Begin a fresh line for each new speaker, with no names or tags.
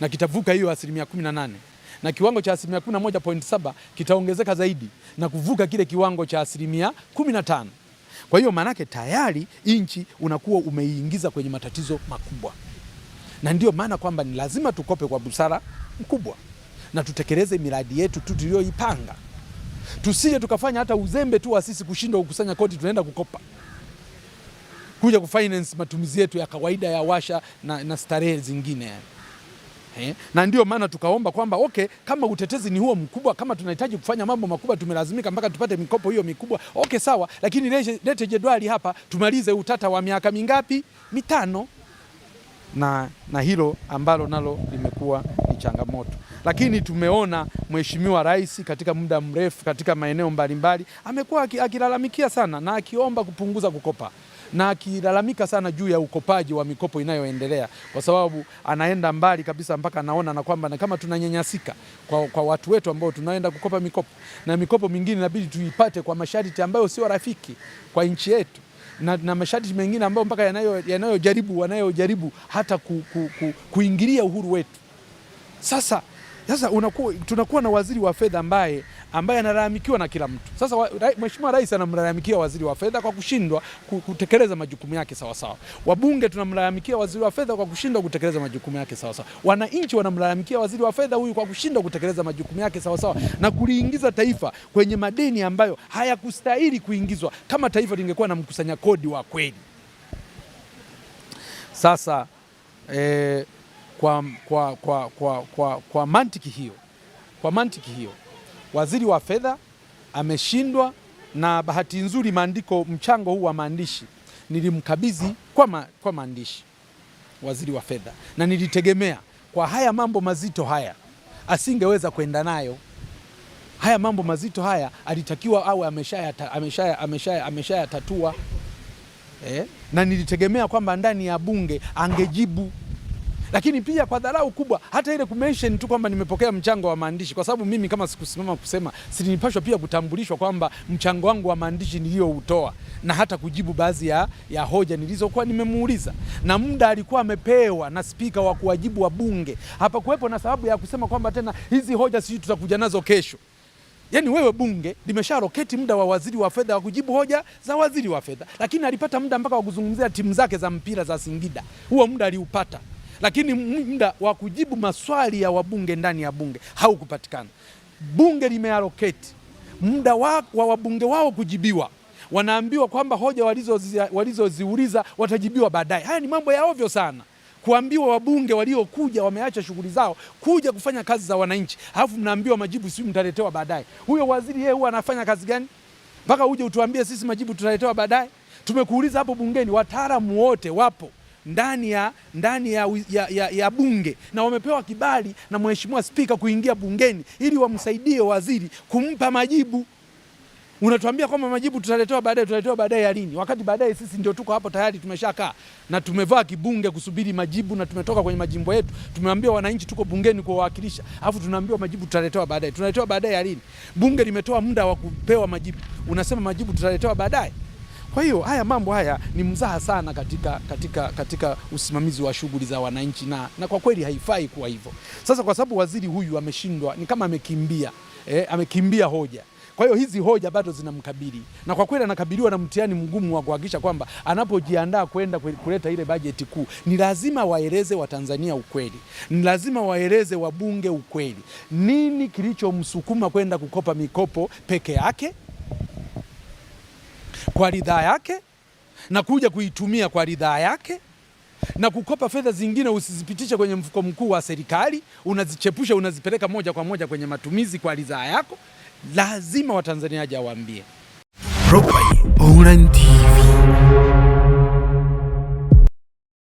na kitavuka hiyo asilimia 18 na kiwango cha asilimia saba kitaongezeka zaidi na kuvuka kile kiwango cha asilimia tano Kwa hiyo maanake tayari nchi unakuwa umeiingiza kwenye matatizo makubwa, na ndiyo maana kwamba ni lazima tukope kwa busara mkubwa na tutekeleze miradi yetu tu tuliyoipanga, tusije tukafanya hata uzembe tu wa sisi kushindwa kukusanya kodi, tunaenda kukopa kuja kufinance matumizi yetu ya kawaida ya washa na, na starehe zingine yani. Eh? na ndio maana tukaomba kwamba okay, kama utetezi ni huo mkubwa, kama tunahitaji kufanya mambo makubwa, tumelazimika mpaka tupate mikopo hiyo mikubwa, okay, sawa, lakini lete jedwali hapa tumalize utata wa miaka mingapi? Mitano. Na, na hilo ambalo nalo limekuwa ni changamoto, lakini tumeona Mheshimiwa Rais katika muda mrefu katika maeneo mbalimbali amekuwa akilalamikia sana na akiomba kupunguza kukopa na akilalamika sana juu ya ukopaji wa mikopo inayoendelea, kwa sababu anaenda mbali kabisa mpaka anaona na kwamba na kama tunanyanyasika kwa, kwa watu wetu ambao tunaenda kukopa mikopo, na mikopo mingine inabidi tuipate kwa masharti ambayo sio rafiki kwa nchi yetu na, na masharti mengine ambayo mpaka yanayojaribu yanayo wanayojaribu hata ku, ku, ku, kuingilia uhuru wetu sasa sasa tunakuwa na waziri wa fedha ambaye ambaye analalamikiwa na kila mtu. Sasa ra, Mheshimiwa Rais anamlalamikia waziri wa fedha kwa kushindwa kutekeleza majukumu yake sawasawa. Wabunge tunamlalamikia waziri wa fedha kwa kushindwa kutekeleza majukumu yake sawasawa. Wananchi wanamlalamikia waziri wa fedha huyu kwa kushindwa kutekeleza majukumu yake sawasawa na kuliingiza taifa kwenye madeni ambayo hayakustahili kuingizwa kama taifa lingekuwa na mkusanya kodi wa kweli. Sasa eh, kwa, kwa, kwa, kwa, kwa, kwa mantiki hiyo, kwa mantiki hiyo waziri wa fedha ameshindwa, na bahati nzuri maandiko, mchango huu wa maandishi nilimkabidhi kwa, ma, kwa maandishi waziri wa fedha, na nilitegemea kwa haya mambo mazito haya asingeweza kwenda nayo. Haya mambo mazito haya alitakiwa awe ameshayatatua, ameshaya, ameshaya, ameshaya eh, na nilitegemea kwamba ndani ya bunge angejibu lakini pia kwa dharau kubwa, hata ile kumention tu kwamba nimepokea mchango wa maandishi, kwa sababu mimi kama sikusimama kusema, silinipashwa pia kutambulishwa kwamba mchango wangu wa maandishi niliyoutoa, na hata kujibu baadhi ya, ya hoja nilizokuwa nimemuuliza, na muda alikuwa amepewa na spika wa kuwajibu wa wabunge. Hapakuwepo na sababu ya kusema kwamba tena hizi hoja sijui tutakuja nazo kesho. Yaani wewe bunge limesha roketi muda wa waziri wa fedha wa kujibu hoja za waziri wa fedha, lakini alipata muda mpaka wa kuzungumzia timu zake za mpira za Singida. Huo muda aliupata lakini muda wa kujibu maswali ya wabunge ndani ya bunge haukupatikana. Bunge limealoketi muda wa, wa wabunge wao kujibiwa wanaambiwa kwamba hoja walizoziuliza walizo watajibiwa baadaye. Haya ni mambo ya ovyo sana, kuambiwa wabunge waliokuja wameacha shughuli zao kuja kufanya kazi za wananchi, alafu mnaambiwa majibu sijui mtaletewa baadaye. Huyo waziri yeye huwa anafanya kazi gani mpaka uje utuambie sisi majibu tutaletewa baadaye? Tumekuuliza hapo bungeni, wataalamu wote wapo ndani ya ndani ya, ya, ya, ya bunge na wamepewa kibali na mheshimiwa spika kuingia bungeni ili wamsaidie waziri kumpa majibu. Unatuambia kwamba majibu tutaletewa baadaye, tutaletewa baadaye ya lini? Wakati baadaye sisi ndio tuko hapo tayari, tumeshakaa na tumevaa kibunge kusubiri majibu, na tumetoka kwenye majimbo yetu, tumeambia wananchi tuko bungeni kuwawakilisha, alafu tunaambiwa majibu tutaletewa baadaye. Tunaletewa baadaye ya lini? Bunge limetoa muda wa kupewa majibu, unasema majibu tutaletewa baadaye. Kwa hiyo haya mambo haya ni mzaha sana katika, katika, katika usimamizi wa shughuli za wananchi na, na kwa kweli haifai kuwa hivyo. Sasa kwa sababu waziri huyu ameshindwa, ni kama amekimbia eh, amekimbia hoja kwa hiyo hizi hoja bado zinamkabili na kwa kweli anakabiliwa na mtihani mgumu wa kuhakikisha kwamba anapojiandaa kwenda kuleta ile bajeti kuu, ni lazima waeleze Watanzania ukweli, ni lazima waeleze wabunge ukweli, nini kilichomsukuma kwenda kukopa mikopo peke yake kwa ridhaa yake na kuja kuitumia kwa ridhaa yake na kukopa fedha zingine usizipitishe kwenye mfuko mkuu wa serikali, unazichepusha, unazipeleka moja kwa moja kwenye matumizi kwa ridhaa yako. Lazima watanzaniaji awaambie.